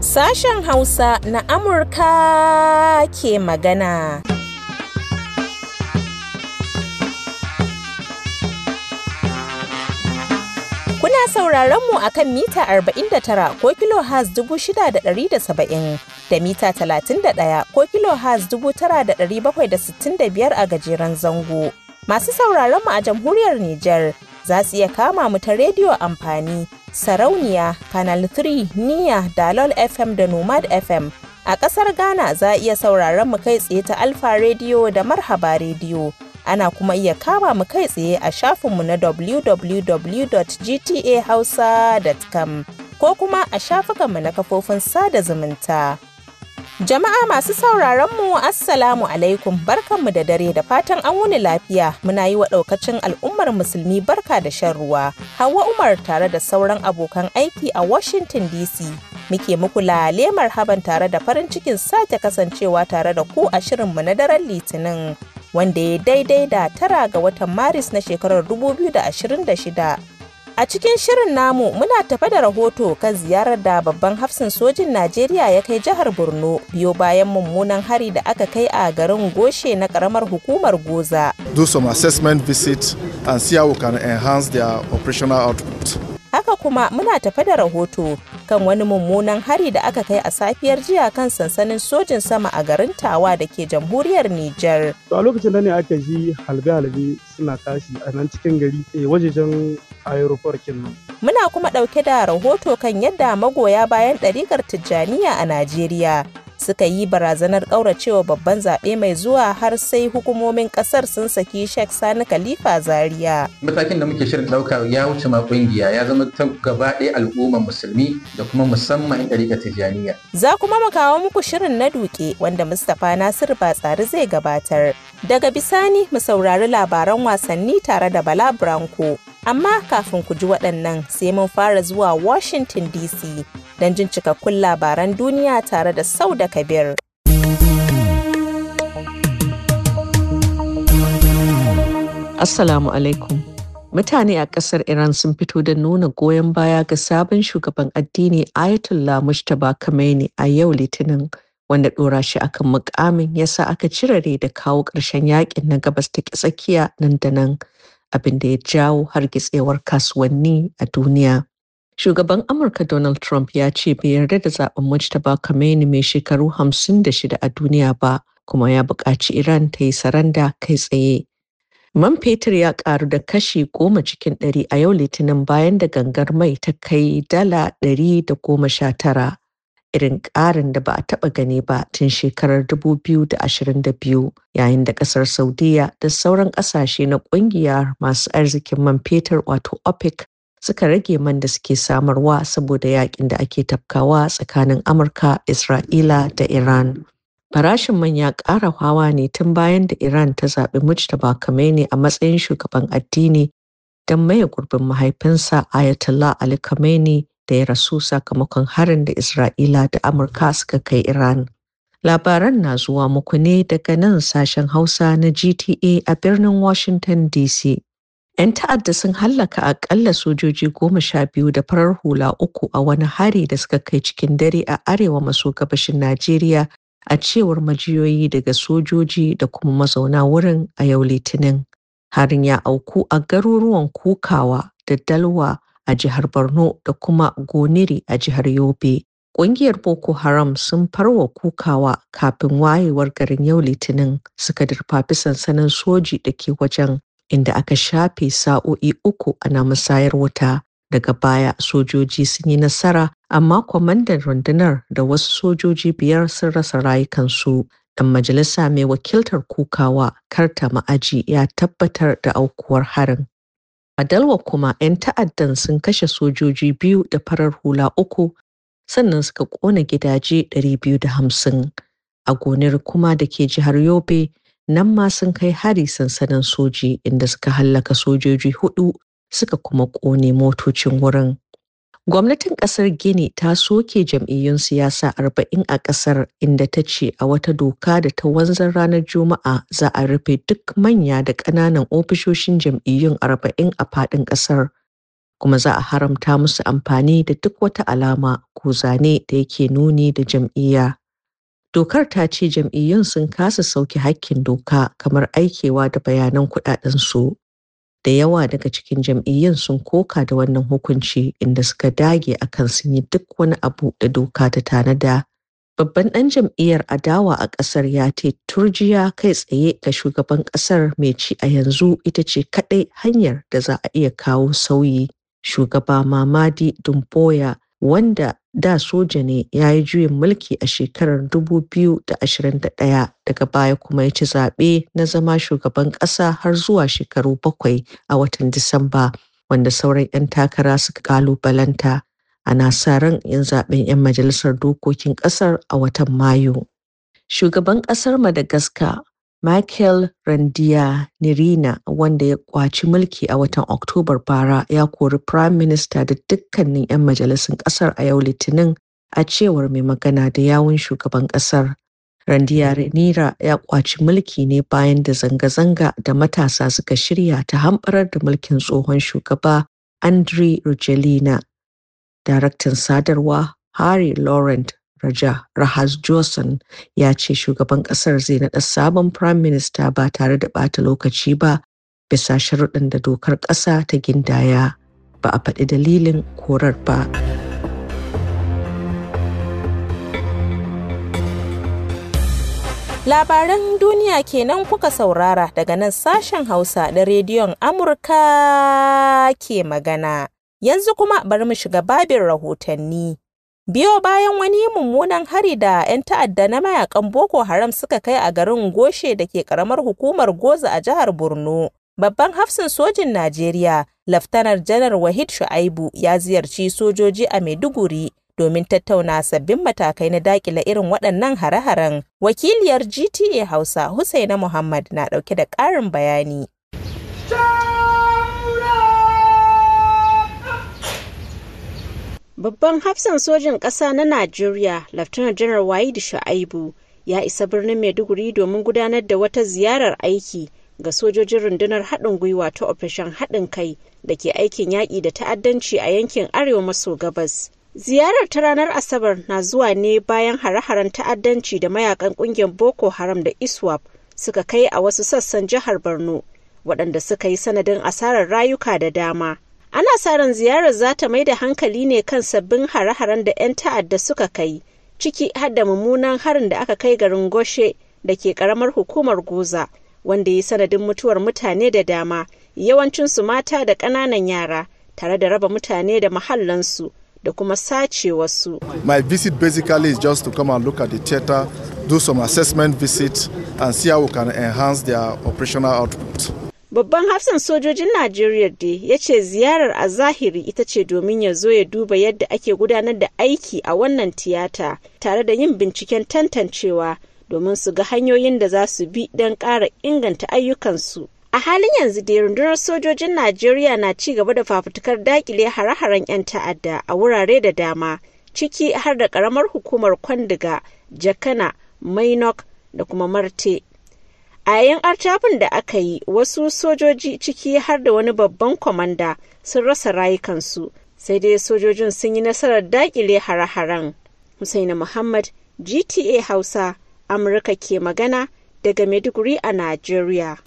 Sashen Hausa na Amurka ke magana. Kuna sauraron mu a kan mita 49 ko kilo has 6,670 da mita 31 ko kilo has 9,765 a gajeren zango. Masu sauraron mu a jamhuriyar Nijar za su iya kama mu ta rediyo amfani sarauniya canal 3 niya dalol fm da nomad fm a ƙasar ghana za a iya sauraron mu kai tsaye ta alfa rediyo da marhaba rediyo ana kuma iya kama mu kai tsaye a shafinmu na www.gtahausa.com ko kuma a shafukanmu na kafofin sada zumunta. Jama'a masu sauraron mu Assalamu alaikum barkanmu da dare da fatan an wuni lafiya muna yi wa ɗaukacin al'ummar musulmi barka da shan ruwa. Hawa Umar tare da sauran abokan aiki a Washington DC muke muku lalemar haban tare da farin cikin sake kasancewa tare da ku a shirinmu na daren Litinin wanda ya daidai da tara ga watan Maris na shekarar 2026. A cikin shirin namu muna tafe da rahoto kan ziyarar da babban hafsin sojin Najeriya ya kai jihar Borno biyo bayan mummunan hari da aka kai a garin Goshe na karamar hukumar Goza. Do some assessment visit and see how we can enhance their operational output. Haka kuma muna tafe da rahoto kan wani mummunan hari da aka kai a safiyar jiya kan sansanin sojin sama a garin Tawa da ke jamhuriyar Nijar. a lokacin da ne aka ji halbe-halbe suna tashi a nan cikin gari eh, wajejen aeroport nan. Muna kuma ɗauke da rahoto kan yadda magoya bayan ɗarikar Tijjaniya a Najeriya suka yi barazanar ƙauracewa babban zaɓe mai zuwa har sai hukumomin ƙasar sun saki Sheikh Sani Khalifa Zaria. Matakin da muke shirin ɗauka ya wuce ma ƙungiya ya zama ta gaba ɗaya al'ummar musulmi da kuma musamman ɗariƙa Tijjaniya. Za kuma mu kawo muku shirin na duke wanda Mustapha Nasir Batsari zai gabatar. Daga bisani mu saurari labaran wasanni tare da Bala Branko. Amma kafin ku ji waɗannan sai mun fara zuwa Washington DC don jin cikakkun labaran duniya tare da sau da kabir. Assalamu alaikum. Mutane a ƙasar Iran sun fito da nuna goyon baya ga sabon shugaban addini Ayatollah Mustapha Khamenei a yau Litinin. wanda ɗora shi akan mukamin yasa aka cirare da kawo ƙarshen yakin na gabas ta tsakiya nan da nan abin da ya jawo hargitsewar kasuwanni a duniya. Shugaban Amurka Donald Trump ya ce bai yarda da zaben Mujtaba Khomeini mai shekaru 56 a duniya ba, kuma ya buƙaci Iran ta yi saranda kai tsaye. Man fetur ya ƙaru da kashi goma cikin ɗari a yau litinin bayan da gangar mai ta kai dala ɗari da goma sha tara. Irin ƙarin da ba a taɓa gani ba tun shekarar 2022 yayin da ƙasar Saudiyya da sauran ƙasashe na ƙungiyar masu arzikin man fetur wato OPEC suka rage man da suke samarwa saboda yakin da ake tafkawa tsakanin Amurka, Isra'ila da Iran. Farashin man ya ƙara hawa ne tun bayan da Iran ta zaɓi Mujtaba Khomeini a matsayin shugaban addini don maye gurbin mahaifinsa Ayatollah Ali Khamenei da ya rasu sakamakon harin da Isra'ila da Amurka suka kai Iran. Labaran na zuwa muku ne daga nan sashen Hausa na GTA a birnin Washington DC. 'Yan ta'adda sun hallaka aƙalla sojoji goma sha biyu da farar hula uku a wani hari da suka kai cikin dare a arewa maso gabashin Najeriya a cewar majiyoyi daga sojoji da kuma mazauna wurin a yau Litinin. Harin ya auku a garuruwan Kukawa da Dalwa a jihar Borno da kuma Goniri a jihar Yobe. Ƙungiyar Boko Haram sun farwa kukawa kafin wayewar garin yau Litinin suka dirfafi sansanin soji da ke wajen inda aka shafe sa'o'i uku ana musayar wuta daga baya sojoji sun yi nasara amma kwamandan rundunar da wasu sojoji biyar sun rasa rayukansu dan majalisa mai wakiltar kukawa karta ma'aji ya tabbatar da aukuwar harin adalwa kuma 'yan ta'addan sun kashe sojoji biyu da farar hula uku sannan suka kona gidaje 250 a gonar kuma da ke jihar yobe nan ma sun kai hari sansanin soji inda suka hallaka sojoji huɗu suka kuma ƙone motocin wurin. Gwamnatin ƙasar Gini ta soke jam'iyyun siyasa arba'in a ƙasar inda ta ce a wata doka da ta wanzar ranar Juma'a za a rufe duk manya da ƙananan ofisoshin jam'iyyun arba'in a faɗin ƙasar. Kuma za a haramta musu amfani da duk wata alama ko zane da yake nuni da jam'iyya. dokar ta ce jam'iyyun sun kasa sauke hakkin doka kamar aikewa da bayanan kuɗaɗensu. Da yawa daga cikin jam'iyyun sun koka da wannan hukunci inda suka dage akan sun yi duk wani abu da doka ta tanada. Babban ɗan jam'iyyar adawa a ƙasar ya ce turjiya kai tsaye ga shugaban ƙasar mai ci a yanzu ita ce kaɗai hanyar da za a iya kawo sauyi. Shugaba Mamadi Dumboya wanda da soja ne ya yi juyin mulki a shekarar 2021 daga baya kuma ya ci zaɓe na zama shugaban ƙasa har zuwa shekaru bakwai a watan Disamba wanda sauran 'yan takara suka ƙalubalanta ana sa ran yin zaɓen 'yan majalisar dokokin ƙasar a watan Mayu. Shugaban ƙasar Madagascar Michel Nirina wanda ya kwaci mulki a watan Oktobar bara, ya kori Firayim Minista da dukkanin 'yan majalisun ƙasar a yau Litinin, a cewar mai magana da yawun shugaban ƙasar. Randrianirina ya kwaci mulki ne bayan da zanga-zanga da matasa suka shirya ta hamɓarar da mulkin tsohon shugaba Andre Rujelina, Daraktan sadarwa Harry Laurent Raja Rahas Johnson ya ce shugaban ƙasar zai naɗa sabon Prime Minister ba tare da ɓata lokaci ba bisa sharuɗin da dokar ƙasa ta gindaya ba a faɗi dalilin korar ba. Labaran duniya kenan kuka saurara daga nan sashen Hausa da rediyon Amurka ke magana. Yanzu kuma bari mu shiga babin rahotanni. biyo bayan wani mummunan hari da 'yan ta'adda na mayakan Boko Haram suka kai a garin Goshe da ke karamar hukumar Goza a jihar Borno. Babban hafsin sojin Najeriya, Laftanar Janar Wahid Shu'aibu ya ziyarci sojoji a Maiduguri domin tattauna sabbin matakai na dakila irin waɗannan hare-haren. Wakiliyar GTA Hausa Husaina Muhammad na ɗauke da ƙarin bayani. Babban hafsan sojin ƙasa na Najeriya, Laftanar Janar Wayidi Shu'aibu, ya isa birnin Maiduguri domin gudanar da wata ziyarar aiki ga sojojin rundunar haɗin gwiwa ta ofishin haɗin kai da ke aikin yaƙi da ta'addanci a yankin Arewa maso gabas. Ziyarar ta ranar Asabar na zuwa ne bayan hare-haren ta'addanci da mayakan ƙungiyar Boko Haram da ISWAP suka kai a wasu sassan jihar Borno, waɗanda suka yi sanadin asarar rayuka da dama. ana sa ran ziyarar za ta mai da hankali ne kan sabbin hare-haren da 'yan ta'adda suka kai ciki har da mummunan harin da aka kai garin goshe da ke karamar hukumar goza wanda ya sanadin mutuwar mutane da dama yawancinsu mata da ƙananan yara tare da raba mutane da mahallansu da kuma sace wasu. My visit basically is just to come and look at the theater, do some assessment visit and see how we can enhance their operational output. Babban hafsan sojojin Najeriya da ya ce ziyarar a zahiri ita ce domin ya zo ya duba yadda ake gudanar da aiki a wannan tiyata tare da yin binciken tantancewa domin su ga hanyoyin da za su bi don ƙara inganta ayyukansu. A halin yanzu dai rundunar sojojin Najeriya na ci gaba da fafutukar dakile hare-haren 'yan ta'adda a wurare da dama, ciki har da ƙaramar hukumar Kwandiga, Jakana, Mainok da kuma Marte. a 'yan artabin da aka yi wasu sojoji ciki har da wani babban kwamanda sun rasa rayukansu sai dai sojojin sun yi nasarar dakile hare-haren husaina muhammad gta hausa amurka ke magana daga maiduguri a najeriya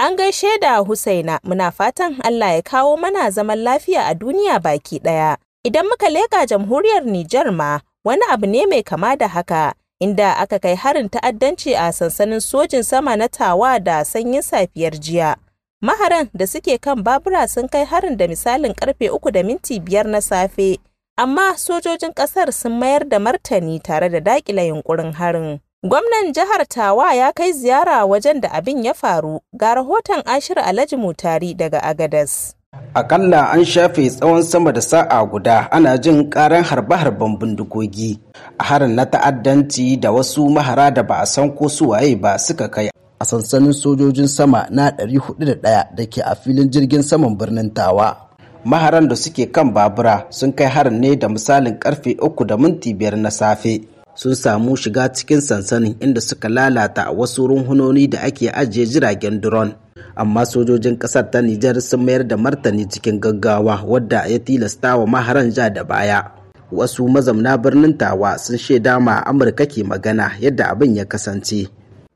An gaishe da Husaina, muna fatan Allah ya kawo mana zaman lafiya a duniya baki ɗaya. Idan muka leƙa jamhuriyar Nijar ma, wani abu ne mai kama da haka, inda aka kai harin ta'addanci a sansanin sojin sama na Tawa da sanyin safiyar jiya. Maharan da suke kan babura sun kai harin da misalin karfe uku da minti biyar na safe, amma sojojin ƙasar sun mayar da martani tare da daƙila yunƙurin harin. Gwamnan jihar Tawa ya kai ziyara wajen da abin ya faru ga rahoton Ashir Alhaji Mutari daga Agadas. Akalla an shafe tsawon sama da sa'a guda ana jin karan harbe-harben bindigogi a harin na ta'addanci da wasu mahara da ba a san ko su waye ba suka kai a sansanin sojojin sama na 401 da ke a filin jirgin saman birnin Tawa. Maharan da suke kan babura sun kai harin ne da misalin karfe 3 da minti 5 na safe. sun samu shiga cikin sansanin inda suka lalata a wasu runhunoni da ake ajiye jiragen drone amma sojojin kasar ta nijar sun mayar da martani cikin gaggawa wadda ya tilasta wa maharan ja da baya wasu mazamna birnin tawa sun shaida ma amurka ke magana yadda abin ya kasance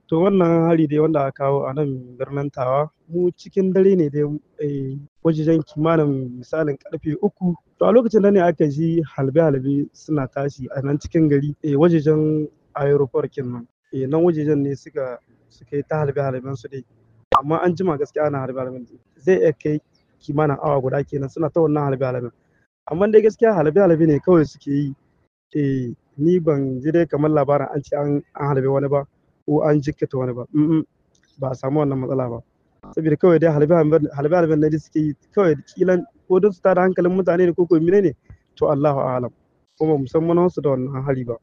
to wannan hari dai wanda aka kawo a nan birnin tawa mu cikin dare ne dai eh, wajen kimanin misalin karfe uku to a lokacin da ne aka ji halbe-halbe suna tashi a nan cikin gari eh, wajejen aeroport kenan eh, nan wajejen ne suka suka yi ta halbe-halben su dai amma an jima gaskiya ana halbe-halben zai iya kai kimanin awa guda kenan suna ta wannan halbe-halben amma dai gaskiya halbe-halbe ne kawai suke yi ni ban ji dai kamar labarin an ce an halbe wani ba ko an jikkata wani ba ba a samu wannan matsala ba saboda kawai dai halbe halben da suke yi kawai kilan ko don su tada hankalin mutane ne ko ko mine ne to Allahu a'lam kuma musamman wasu da wannan hali ba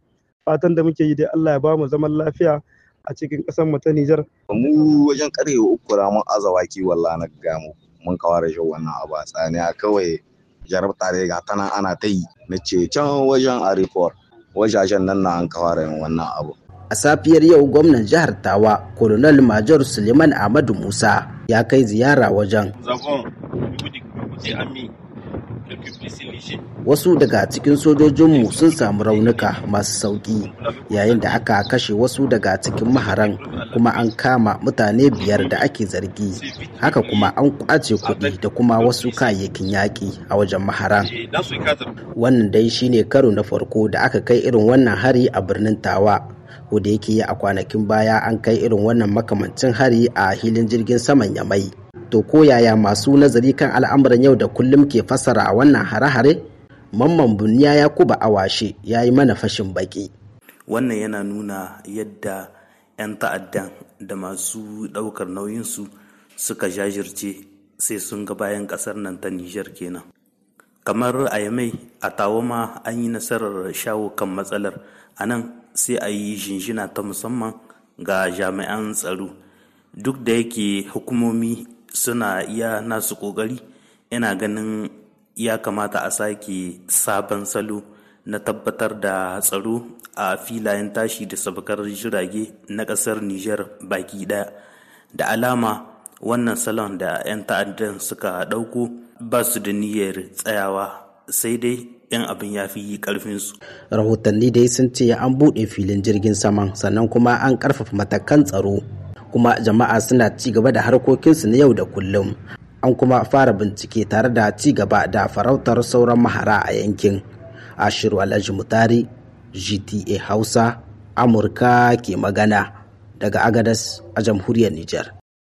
fatan da muke yi dai Allah ya ba mu zaman lafiya a cikin ƙasar mu ta Nijar mu wajen karewa uku ramun azawaki wallahi na gamu mun kawar da wannan abu tsaniya kawai jarabta dai ga tana ana ta yi na ce can wajen a wajajen nan na an kawar wannan abu a safiyar yau gwamnan jihar tawa Kolonel major suleiman ahmadu musa ya kai ziyara wajen wasu daga cikin sojojinmu sun samu raunuka masu sauki yayin da aka kashe wasu daga cikin maharan kuma an kama mutane biyar da ake zargi haka kuma an kwace kuɗi da kuma wasu kayayyakin yaƙi a wajen maharan wannan dai shine karo na farko da aka kai irin wannan hari a birnin tawa ko da yake a kwanakin baya an kai irin wannan makamancin hari a hilin jirgin saman yamai to ko yaya masu nazari kan al'amuran yau da kullum ke fassara wannan hare-hare mamman buniya ya kuba awashe ya yi mana fashin baki wannan yana nuna yadda 'yan ta'addan da masu ɗaukar nauyinsu suka jajirce sai sun ga bayan ƙasar nan ta nijar kenan kamar a yamai a tawama an yi nasarar shawo kan matsalar a nan sai a yi shinshina ta musamman ga jami'an tsaro duk da yake hukumomi suna iya nasu ƙoƙari ina ganin ya kamata a sake sabon salo na tabbatar da tsaro a filayen tashi da sabakar jirage na ƙasar Nijar baki ɗaya. Da alama wannan salon da 'yan ta'addan suka ɗauko ba su da niyyar tsayawa sai dai 'yan abin ya fi yi karfinsu. rahotanni dai sun ce an buɗe filin jirgin saman sannan kuma an ƙarfafa matakan tsaro kuma jama'a suna ci gaba da harkokinsu na yau da kullum an kuma fara bincike tare da ci gaba da farautar sauran mahara a yankin ashiru alhaji mutari gta hausa amurka ke magana daga agadas a jamhuriyar Nijar.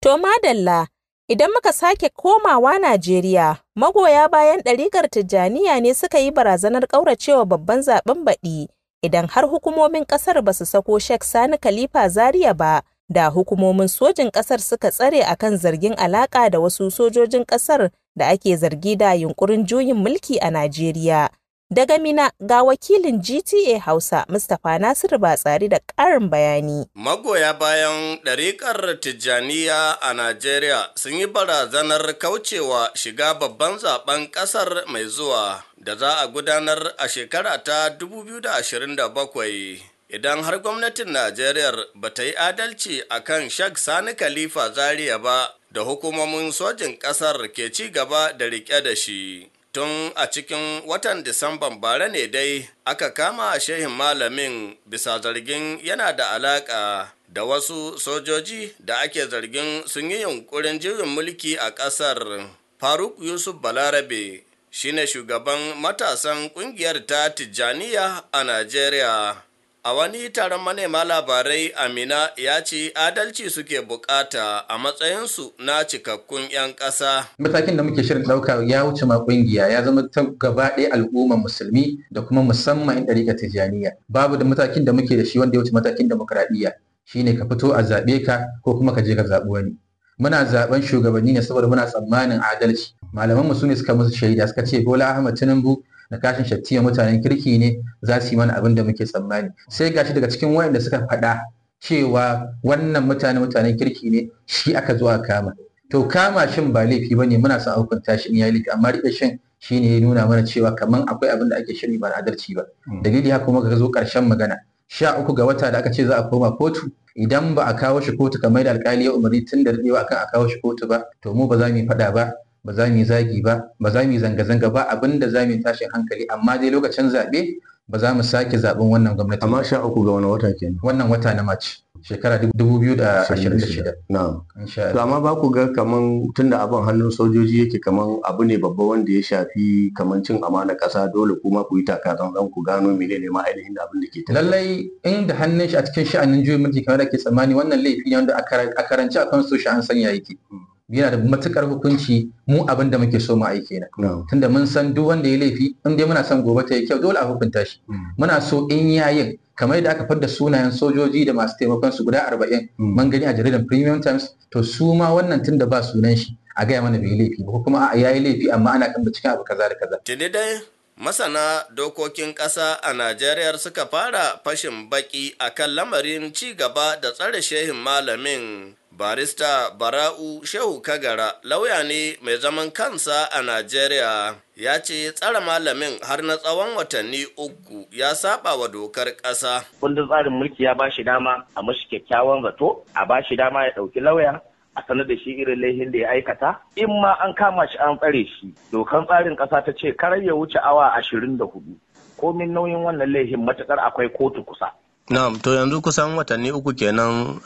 to madalla Idan muka sake komawa Najeriya, magoya bayan ɗarikar Tijjaniya ne suka yi barazanar ƙauracewa babban zaɓen baɗi idan har hukumomin ƙasar ba su sako Sheikh Sani Khalifa Zaria ba, da hukumomin sojin ƙasar suka tsare a kan zargin alaƙa da wasu sojojin ƙasar da ake zargi da yunƙurin juyin mulki a Najeriya. Daga Mina ga wakilin GTA Hausa Mustapha Nasiru Batsari da ƙarin bayani. Magoya bayan ɗariƙar Tijjaniya a Najeriya sun yi barazanar kaucewa shiga babban zaben ƙasar mai zuwa da za a gudanar a shekara ta 2027. Idan har gwamnatin Najeriya ba ta yi adalci a kan Shag Sani Khalifa Zaria ba da hukumomin sojin ƙasar ke ci gaba da riƙe da shi. tun a cikin watan disamban bara ne dai aka kama shehin malamin bisa zargin yana da alaka da wasu sojoji da ake zargin sun yi yunkurin jirgin mulki a ƙasar faruk yusuf balarabe shine shugaban matasan ƙungiyar ta tijjaniya a najeriya A wani taron manema labarai Amina ya ce adalci suke bukata a matsayinsu na cikakkun 'yan ƙasa. Matakin da muke shirin ɗauka ya wuce ma ƙungiya ya zama ta gaba ɗaya al'ummar musulmi da kuma musamman 'yan ɗariƙa tijjaniya. Babu da matakin da muke da shi wanda ya wuce matakin demokuraɗiyya shine ka fito a zaɓe ka ko kuma ka je ka zaɓi wani. Muna zaɓen shugabanni ne saboda muna tsammanin adalci. Malaman mu su ne suka musu shaida suka ce Bola Ahmad Tinubu na kashin shattiya mutanen kirki ne za su yi mana abin da muke tsammani sai gashi daga cikin wayanda suka faɗa cewa wannan mutane mutanen kirki ne shi aka zuwa kama to kama shin ba laifi bane muna son hukunta shi in yayi laifi amma riƙe shin shi ya nuna mana cewa kaman akwai abin da ake shiri ba adalci ba hmm. dalili haka kuma ka zo karshen magana sha uku ga wata da aka ce za a koma kotu idan ba a kawo shi kotu kamar da alkali ya umarni tun da rubewa akan a kawo shi kotu ba to mu ba za mu yi faɗa ba ba za mu yi zagi ba ba za mu yi zanga-zanga ba abin da za mu yi tashin hankali amma dai lokacin zaɓe ba za mu sake zaɓen wannan gwamnati amma sha uku ga wani wata kenan wannan wata na mace shekara 2026 na'am to amma ba ku ga kaman tunda abin hannun sojoji yake kaman abu ne babba wanda ya shafi kaman cin amana ƙasa dole kuma ku yi taka zan ku gano menene ma ainihin abin da ke tafiya lallai inda hannun shi a cikin sha'anin juyin mulki kamar da ke tsammani wannan laifi ne wanda a karanci a kan su shi an sanya yake hmm. yana da matukar hukunci mu abin da muke so mu aike na tunda mun san duk wanda ya laifi in dai muna son gobe ta yi kyau dole a hukunta shi mm. muna so in yayin kamar yadda aka fadda sunayen sojoji da masu taimakon su guda arba'in mm. mun gani a jaridar premium times to su ma wannan tunda ba sunan shi a gaya mana bai laifi ba kuma a yayi laifi amma ana kan cikin abu kaza da kaza tunda dai masana dokokin ƙasa a najeriya suka fara fashin baki akan lamarin ci gaba da tsare shehin malamin barista bara'u shehu kagara lauya ne mai zaman kansa a najeriya ya ce tsara malamin har na tsawon watanni uku ya saba wa dokar ƙasa. kundin tsarin mulki ya ba shi dama a mashi kyakkyawan zato a ba shi dama ya ɗauki lauya a sanar da shi irin laihin da ya aikata in ma an kama shi an tsare shi dokan tsarin ƙasa ta ce karar ya wuce awa ashirin da hudu komin nauyin wannan laihin matuƙar akwai kotu kusa Na'am, to yanzu kusan watanni uku kenan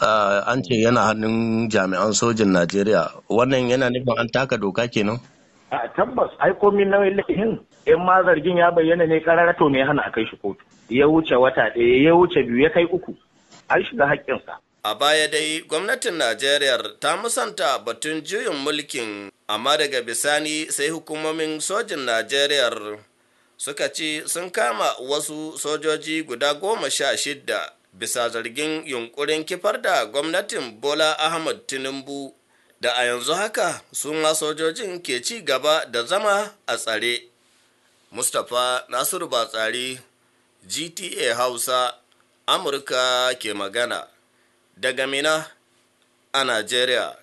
an ce yana hannun jami'an sojin Najeriya. Wannan yana nufin an taka doka kenan? A tabbas, ai komi nauyin laifin in ma zargin ya bayyana ne karara to me hana a kai shi kotu. Ya wuce wata ɗaya, ya wuce biyu, ya kai uku. An shiga haƙƙinsa. A baya dai gwamnatin Najeriya ta musanta batun juyin mulkin amma daga bisani sai hukumomin sojin Najeriya suka ce sun kama wasu sojoji guda goma sha shidda bisa zargin yunkurin kifar da gwamnatin bola ahmad tinubu da a yanzu haka sun ma sojojin ke ci gaba da zama a tsare mustapha nasiru batsari gta hausa amurka ke magana daga mina a najeriya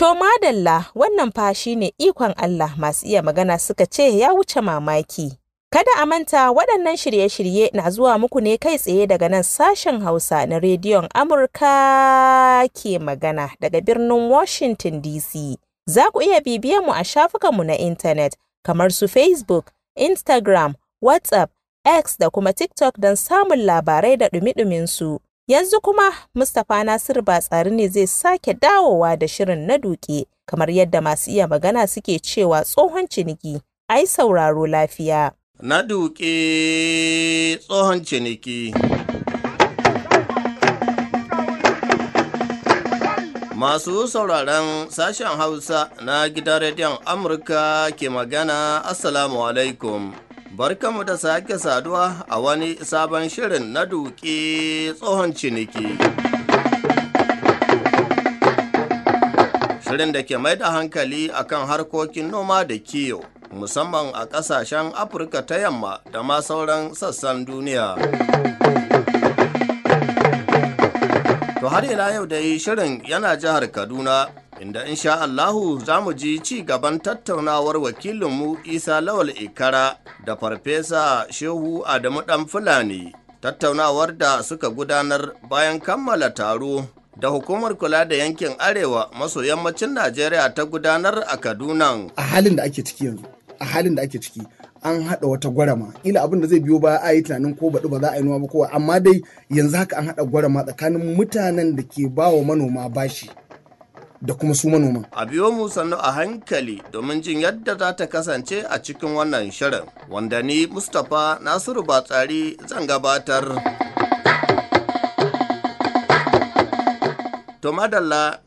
To madalla wannan fa ne ikon Allah masu iya magana suka ce ya wuce mamaki. Kada a manta waɗannan shirye-shirye na zuwa muku ne kai tsaye daga nan sashen Hausa na rediyon Amurka ke magana daga birnin Washington DC. Za ku iya bibiyar mu a shafukanmu na intanet kamar su Facebook, Instagram, WhatsApp, X da kuma TikTok don samun labarai da ɗumi su. Yanzu kuma Mustapha Nasir Batsari ne zai sake dawowa da shirin na duke kamar yadda masu iya magana suke cewa tsohon ciniki, ai sauraro lafiya. na duƙe tsohon ciniki. Masu sauraron sashen Hausa na gidan rediyon Amurka ke magana Assalamu alaikum. Barkanmu da sake saduwa a wani sabon shirin na duƙe tsohon ciniki. shirin da ke mai da hankali akan harkokin noma da kiyo musamman a ƙasashen afirka ta yamma da ma sauran sassan duniya to har ina yau da yi shirin yana jihar kaduna inda insha Allahu za mu ji ci gaban tattaunawar wakilinmu Isa Lawal Ikara da Farfesa Shehu Adamu Dan Fulani. Tattaunawar da suka gudanar bayan kammala taro da hukumar kula da yankin Arewa maso yammacin Najeriya ta gudanar a Kaduna. A halin da ake ciki yanzu. a halin da ake ciki an hada wata gwarama ila abin da zai biyo ba a yi tunanin ko baɗi ba za a yi noma ba kowa amma dai yanzu haka an hada gwarama tsakanin mutanen da ke ba wa manoma bashi da kuma su manoman. A biyo mu sannu a hankali domin jin yadda za ta kasance a cikin wannan shirin wanda ni Mustapha Nasiru Batsari zan gabatar. To madalla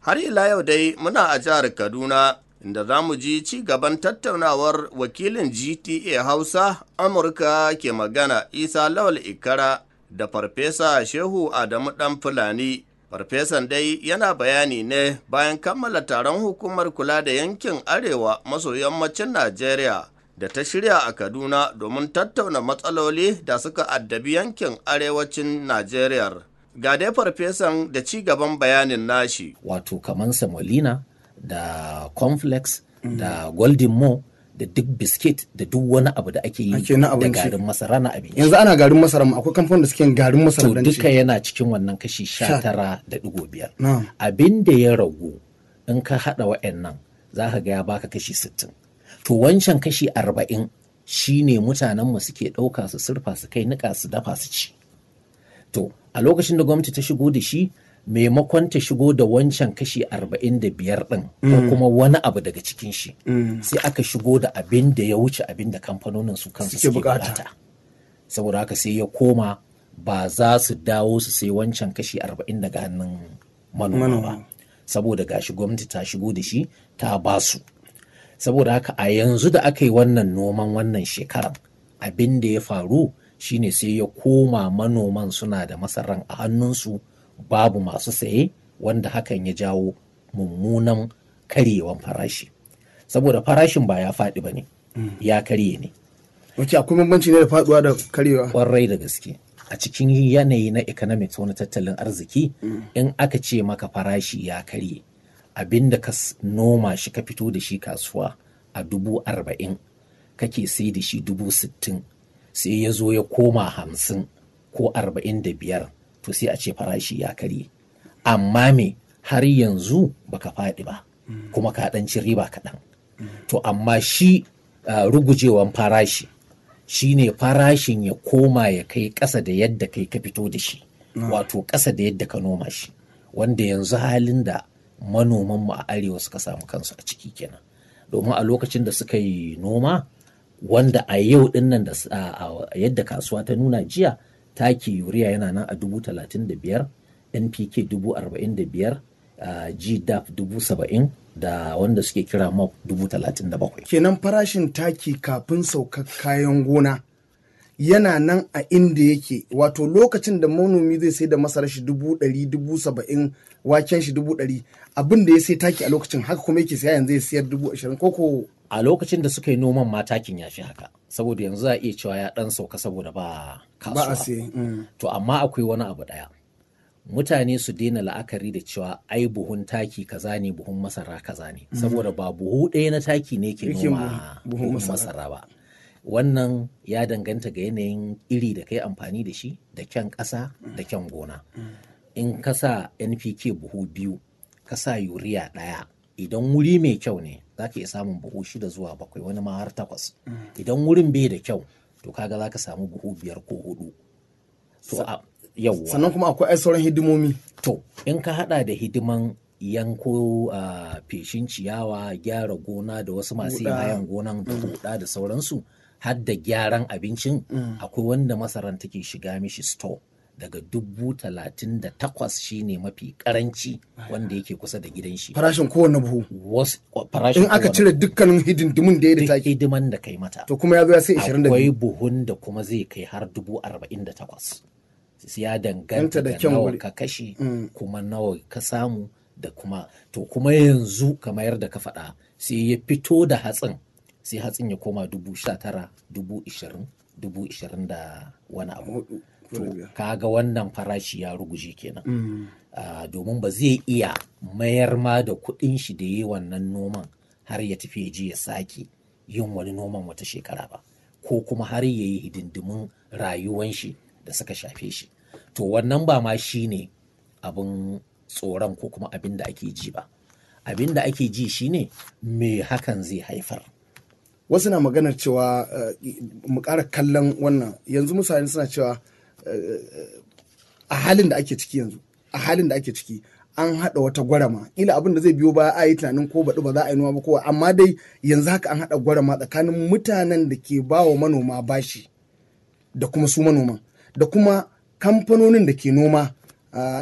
har ila yau dai muna a jihar Kaduna inda za mu ji ci gaban tattaunawar wakilin GTA Hausa Amurka ke magana Isa Lawal Ikara da Farfesa Shehu Adamu Ɗan Fulani. Farfesan dai yana bayani ne bayan kammala taron hukumar kula da yankin Arewa maso yammacin Najeriya da ta shirya a Kaduna domin tattauna matsaloli da suka addabi yankin Arewacin Najeriya. Ga dai farfesan da ci gaban bayanin nashi. Wato kaman Samolina da cornflakes da golden mo da duk biscuit da duk wani abu da ake yi da garin masara na abinci yanzu ana garin masara mu akwai kamfanin da suke garin masara to duka yana cikin wannan kashi biyar abin da ya ragu in ka hada wa'annan za ka ga ya baka kashi 60 to wancan kashi 40 shine mutanen mu suke dauka su surfa su kai nika su dafa su ci to a lokacin da gwamnati ta shigo da shi maimakon ta shigo da wancan kashi arba'in da biyar ɗin ko mm. kuma wani abu daga cikin shi mm. sai aka shigo da abin da ya wuce abin da kamfanonin su kansu suke bukata saboda haka sai ya koma ba za su dawo su sai wancan kashi arba'in daga hannun manoma ba saboda gashi gwamnati ta shigo da shi ta ba su saboda haka a yanzu da aka yi wannan noman wannan shekarar abin da ya faru shine sai ya koma manoman suna da masaran a hannunsu su babu masu saye wanda hakan ya jawo mummunan karyewan farashi saboda farashin ba ya faɗi ba ne mm. ya karye ne wace akwai bambanci ne da faduwa da karyewa kwarai da gaske a cikin yanayi na economics wani tattalin arziki mm. in aka ce maka farashi ya karye abinda ka noma shi ka fito da shi kasuwa a dubu arba'in kake sai da shi dubu sittin sai ya zo ya koma hamsin ko arba'in da biyar to sai a ce farashi ya karye amma me har yanzu baka faɗi ba kuma ka dan ci riba kaɗan to amma shi rugujewan farashi shi ne farashin ya koma ya kai ƙasa da yadda kai ka fito da shi wato ƙasa da yadda ka noma shi wanda yanzu halin da manoman mu a arewa suka samu kansu a ciki kenan domin a lokacin da suka yi noma wanda a yau dinnan da yadda kasuwa ta nuna jiya taki yuriya yana nan a dubu talatin da biyar npk dubu arba'in da biyar gdap dubu saba'in da wanda suke kira mop dubu talatin da bakwai kenan farashin taki kafin saukar kayan gona yana nan a inda yake wato lokacin da manomi zai sai da masarar shi dubu ɗari dubu saba'in waken shi dubu ɗari abin ya sai taki a lokacin haka kuma yake saya yanzu ya sayar dubu ashirin koko a lokacin da suka yi noman matakin ya fi haka saboda yanzu za a iya cewa ya dan sauka saboda ba kasuwa mm. to amma akwai wani abu daya mutane su daina la'akari da cewa ai buhun taki kaza ne buhun masara kaza ne mm. saboda ba buhu ɗaya na taki ne ke noma buhun masara ba wannan ya danganta ga yanayin iri da kai amfani da shi da kyan ƙasa da kyan gona mm. in ka sa npk buhu biyu ka sa yuriya ɗaya idan wuri mai kyau ne za ka iya samun buhu shida zuwa bakwai wani ma har takwas mm. idan wurin bai da kyau to kaga za ka samu buhu biyar ko hudu to a yau sannan kuma akwai ai sauran hidimomi to in ka hada da hidiman yanko a feshin ciyawa gyara gona da wasu masu hayan gonan da mm. huda da sauransu har da gyaran abincin mm. akwai wanda masaran take shiga mishi store daga dubu talatin da takwas shine mafi karanci wanda yake kusa da gidan shi farashin kowane buhu in aka cire dukkanin hidindimin da ya da taki hidiman da kai mata to kuma ya zo ya sai 22 akwai buhun da kuma zai kai har dubu arba'in da takwas ya danganta da nawa ka kashe mm. kuma nawa ka samu da kuma to kuma yanzu kamar yadda ka faɗa sai ya fito da hatsin sai hatsin ya koma dubu sha tara dubu ishirin dubu ishirin da wani abu kaga wannan farashi ya ruguje kenan mm. ah, domin ba zai iya mayar ma da kuɗin shi da yi wannan noman har ya tafi ya je ya sake yin wani noman wata shekara ba ko kuma har ya yi hidindimin rayuwan shi da suka shafe shi to wannan ba ma shi ne abin tsoron ko kuma abin da ake ji ba abin da ake ji shi ne me hakan zai haifar wasu na maganar cewa eh, mu ƙara kallon wannan yanzu mutane suna cewa a halin da ake ciki yanzu a halin da ake ciki an haɗa wata gwarama ila abin da zai biyo ba a yi tunanin ko baɗi ba za a yi noma ba kowa amma dai yanzu haka an haɗa gwarama tsakanin mutanen da ke ba wa manoma bashi da kuma su manoma, da kuma kamfanonin da ke noma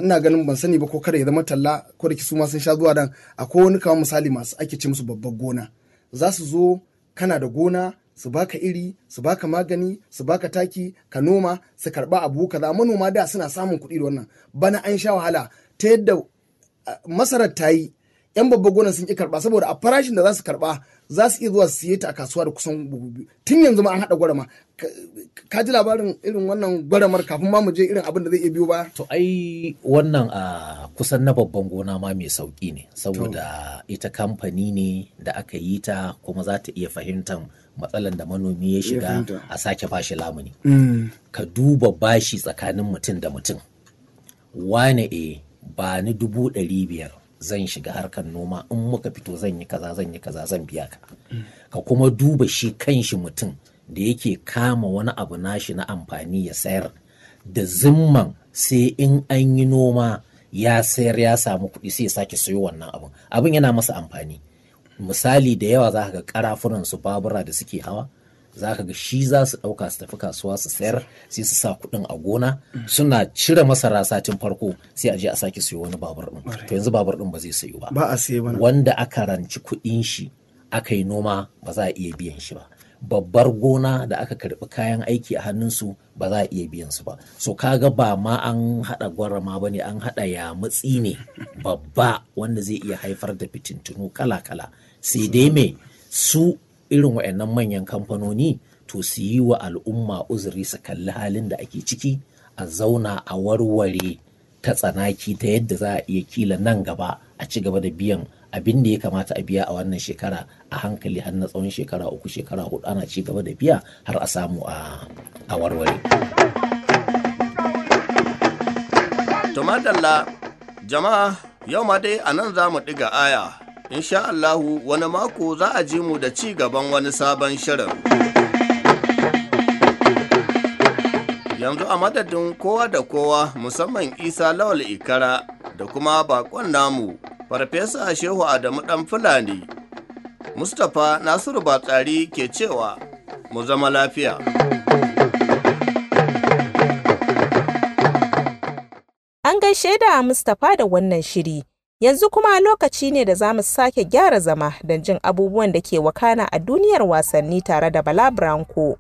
ina ganin ban sani ba ko kada ya zama talla ko da su ma sun sha zuwa dan akwai wani kamar misali masu ake ce musu babbar gona za su zo kana da gona su baka iri su baka magani su baka taki ka noma su karba abu kaza manoma da suna samun kuɗi da wannan bana an sha wahala ta yadda masarar ta yi yan babban gona sun ki karba saboda a farashin da za su karba za su iya zuwa su siye ta a kasuwa da kusan buhu biyu tun yanzu ma an haɗa gwarama ka ji labarin irin wannan gwaramar kafin ma mu je irin abin da zai iya biyo ba to ai wannan a kusan na babban gona ma mai sauki ne saboda ita kamfani ne da aka yi ta kuma za ta iya fahimtar matsalan da manomi ya shiga a sake bashi lamuni mm. ka duba bashi tsakanin mutum da mutum wane e ba ni dubu ɗari biyar zan shiga harkar noma in muka fito zan yi kaza zan yi kaza zan biya ka ka kuma duba shi kan shi mutum da yake kama wani abu nashi na amfani ya sayar da zimman sai in an yi noma ya sayar ya samu kuɗi sai ya sake sayo wannan abin abin yana masa amfani misali da yawa za ka ga karafunan su babura da suke hawa za ka ga shi za su ɗauka su tafi kasuwa su sayar sai su sa kuɗin a gona suna cire masara satin farko sai a je a sake sayo wani babur ɗin to yanzu babur ɗin ba zai sayo ba ba a wanda aka ranci kuɗin shi aka yi noma ba za a iya biyan shi ba babbar gona da aka karɓi kayan aiki a hannunsu ba za a iya biyan su ba so kaga ba ma an haɗa gwarama ba ne an hada mutsi ne babba wanda zai iya haifar da fitintunu kala-kala sai dai mai su irin waɗannan manyan kamfanoni to su yi wa al'umma uzuri su kalli halin da ake ciki a zauna a warware ta tsanaki ta yadda za a iya kila nan gaba a ci gaba da biyan abin da ya kamata a biya a wannan shekara a hankali har na tsawon shekara uku shekara hudu ana ci gaba da biya har a samu a warware. jama'a yau ma dai a nan za mu ɗiga aya insha Allahu wani mako za a ji mu da ci gaban wani sabon shirin. Yanzu a madadin kowa da kowa musamman Isa Lawal Ikara da kuma bakon namu, Farfesa Shehu Adamu ɗan Fulani, Mustapha Nasiru Batsari ke cewa mu zama lafiya. An gaishe da Mustapha da wannan shiri. Yanzu kuma lokaci ne da za mu sake gyara zama don jin abubuwan da ke wakana a duniyar wasanni tare da Bala Branko.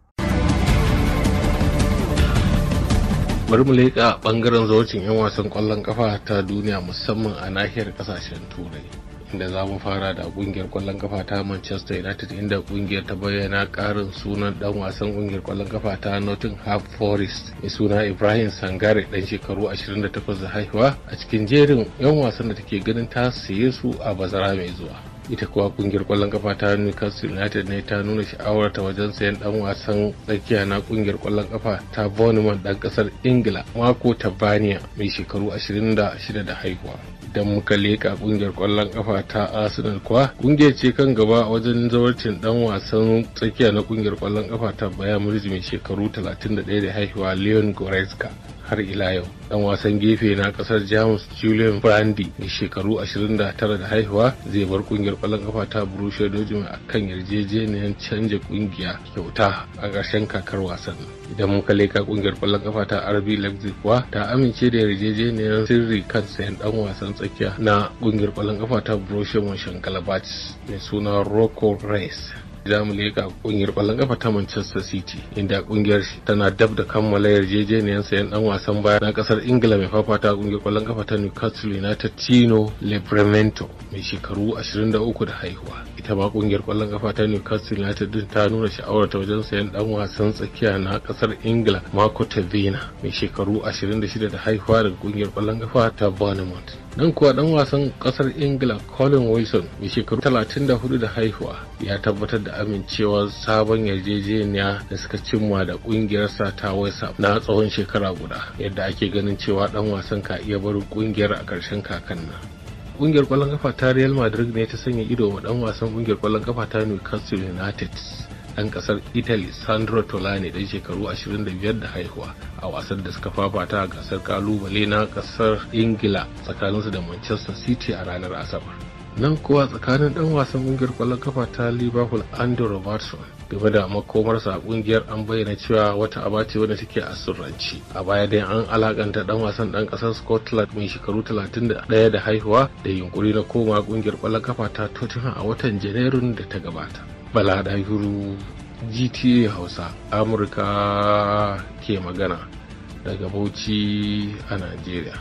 bari mu leƙa ɓangaren zaucin 'yan wasan ƙwallon ƙafa ta duniya musamman a nahiyar ƙasashen turai da za mu fara da kungiyar kwallon kafa ta Manchester United inda kungiyar ta bayyana karin sunan dan wasan kungiyar kwallon kafa ta Nottingham Forest mai suna Ibrahim Sangare dan shekaru 28 da haihuwa a cikin jerin 'yan wasan da take ganin ta saye su a bazara mai zuwa. ita kuwa kungiyar kwallon kafa ta Newcastle United ne ta nuna sha'awar ta wajen sayan dan wasan tsakiya na kungiyar kwallon kafa ta Bournemouth dan kasar Ingila Marco Tabania mai shekaru 26 da haihuwa. idan muka leƙa ƙungiyar kwallon ƙafa ta arsenal kuwa ƙungiyar ce kan gaba a wajen zawarcin dan wasan tsakiya na ƙungiyar kwallon ƙafa ta bayan murji mai shekaru 31 da haihuwa leon goretzka har ila yau dan wasan gefe na kasar jamus julian brandi mai shekaru 29 da haihuwa zai bar kungiyar kwallon kafa ta borussia dortmund akan yarjejeniyar canja kungiya kyauta a ƙarshen kakar wasan idan mun kalle ka kungiyar kwallon kafa ta rb leipzig kuwa ta amince da yarjejeniyar sirri kan sayan dan wasan tsakiya na kungiyar kwallon kafa ta borussia mönchengladbach mai suna rocco reis za mu a kungiyar ƙwallon kafa ta Manchester City inda kungiyar tana dab da kammala yarjejeniyar sayan dan wasan baya na kasar Ingila mai fafata kungiyar ƙwallon kafa ta Newcastle United Tino Livramento mai shekaru 23 da haihuwa. Ita ma kungiyar ƙwallon kafa ta Newcastle United din ta nuna sha'awar ta wajen sayan dan wasan tsakiya na kasar Ingila Marco Tavena mai shekaru 26 da haihuwa daga kungiyar ƙwallon kafa ta Bournemouth. nan kuwa dan wasan kasar ingila colin wilson mai shekaru 34 da haihuwa ya tabbatar da amincewa sabon yarjejeniya da suka cimma da kungiyarsa ta wasa na tsawon shekara guda yadda ake ganin cewa dan wasan ka iya barin kungiyar a karshen kakan nan kungiyar kwallon kafa ta real madrid ne ta sanya ido wa dan wasan kungiyar kwallon kafa ta newcastle united ɗan ƙasar italy sandro tolani ɗan shekaru 25 da haihuwa a wasan da suka fafata a gasar kalubale na ƙasar ingila tsakaninsu da manchester city a ranar asabar nan kuwa tsakanin ɗan wasan ƙungiyar ƙwallon kafa ta liverpool andrew robertson game da makomarsa a ƙungiyar an bayyana cewa wata aba ce wadda take a surranci a baya dai an alakanta ɗan wasan ɗan ƙasar scotland mai shekaru 31 da haihuwa da yunkuri na koma ƙungiyar ƙwallon kafa ta tottenham a watan janairun da ta gabata Bala hiru GTA Hausa Amurka ke magana daga Bauchi a Najeriya.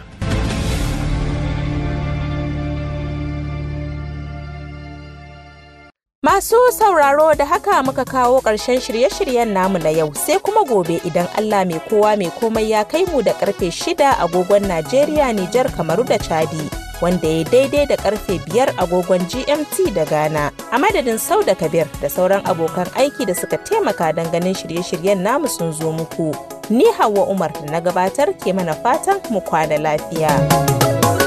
Masu sauraro da haka muka kawo ƙarshen shirye-shiryen namu na yau sai kuma gobe idan Allah mai kowa mai komai ya kai mu da karfe shida agogon Najeriya, Nijar, Kamaru da Chadi. wanda ya daidai da karfe biyar agogon GMT da Ghana. A madadin Sau da Kabir da sauran abokan aiki da suka taimaka don ganin shirye-shiryen namu sun zo muku. Ni Hauwa Umar da na gabatar ke mana fatan mu kwana lafiya.